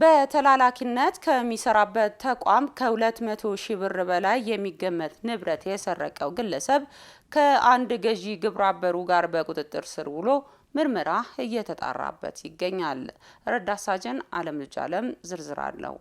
በተላላኪነት ከሚሰራበት ተቋም ከ200 ሺህ ብር በላይ የሚገመት ንብረት የሰረቀው ግለሰብ ከአንድ ገዢ ግብረ አበሩ ጋር በቁጥጥር ስር ውሎ ምርመራ እየተጣራበት ይገኛል። ረዳት ሳጅን አለም አለም ዝርዝር አለው።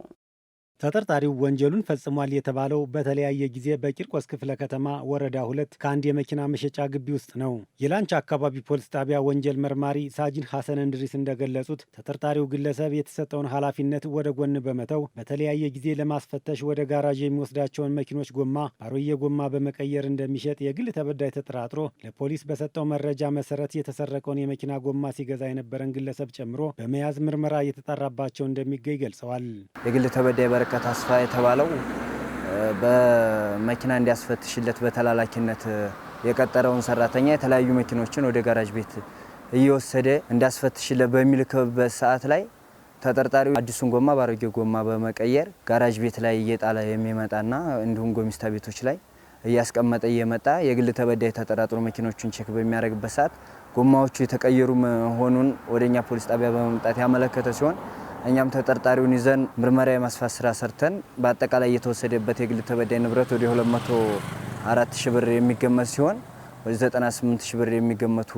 ተጠርጣሪው ወንጀሉን ፈጽሟል የተባለው በተለያየ ጊዜ በቂርቆስ ክፍለ ከተማ ወረዳ ሁለት ከአንድ የመኪና መሸጫ ግቢ ውስጥ ነው። የላንች አካባቢ ፖሊስ ጣቢያ ወንጀል መርማሪ ሳጅን ሐሰን እንድሪስ እንደገለጹት ተጠርጣሪው ግለሰብ የተሰጠውን ኃላፊነት ወደ ጎን በመተው በተለያየ ጊዜ ለማስፈተሽ ወደ ጋራዥ የሚወስዳቸውን መኪኖች ጎማ ባሮየ ጎማ በመቀየር እንደሚሸጥ የግል ተበዳይ ተጠራጥሮ ለፖሊስ በሰጠው መረጃ መሰረት የተሰረቀውን የመኪና ጎማ ሲገዛ የነበረን ግለሰብ ጨምሮ በመያዝ ምርመራ እየተጣራባቸው እንደሚገኝ ገልጸዋል። የግል ተበዳይ በቀ ተስፋ የተባለው በመኪና እንዲያስፈትሽለት በተላላኪነት የቀጠረውን ሰራተኛ የተለያዩ መኪኖችን ወደ ጋራጅ ቤት እየወሰደ እንዲያስፈትሽለት በሚልክበት ሰዓት ላይ ተጠርጣሪው አዲሱን ጎማ በአሮጌ ጎማ በመቀየር ጋራጅ ቤት ላይ እየጣለ የሚመጣና እንዲሁም ጎሚስታ ቤቶች ላይ እያስቀመጠ እየመጣ የግል ተበዳይ ተጠራጥሮ መኪኖቹን ቼክ በሚያደርግበት ሰዓት ጎማዎቹ የተቀየሩ መሆኑን ወደኛ ፖሊስ ጣቢያ በመምጣት ያመለከተ ሲሆን እኛም ተጠርጣሪውን ይዘን ምርመራ የማስፋት ስራ ሰርተን በአጠቃላይ እየተወሰደበት የግል ተበዳይ ንብረት ወደ 204 ሺ ብር የሚገመት ሲሆን ወደ 98 ብር የሚገመቱ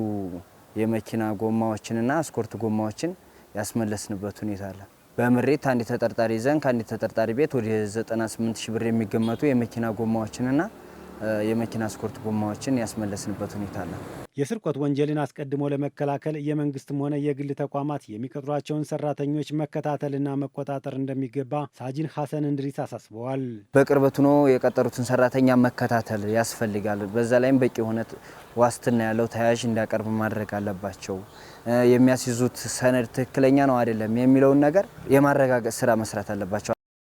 የመኪና ጎማዎችንና ስኮርት ጎማዎችን ያስመለስንበት ሁኔታ አለ። በምሬት አንድ ተጠርጣሪ ይዘን ከአንድ ተጠርጣሪ ቤት ወደ 98 ሺ ብር የሚገመቱ የመኪና ጎማዎችንና የመኪና ስኮርት ጎማዎችን ያስመለስንበት ሁኔታ አለ። የስርቆት ወንጀልን አስቀድሞ ለመከላከል የመንግስትም ሆነ የግል ተቋማት የሚቀጥሯቸውን ሰራተኞች መከታተልና መቆጣጠር እንደሚገባ ሳጂን ሀሰን እንድሪስ አሳስበዋል። በቅርበት ሆኖ የቀጠሩትን ሰራተኛ መከታተል ያስፈልጋል። በዛ ላይም በቂ የሆነ ዋስትና ያለው ተያዥ እንዲያቀርብ ማድረግ አለባቸው። የሚያስይዙት ሰነድ ትክክለኛ ነው አይደለም የሚለውን ነገር የማረጋገጥ ስራ መስራት አለባቸው።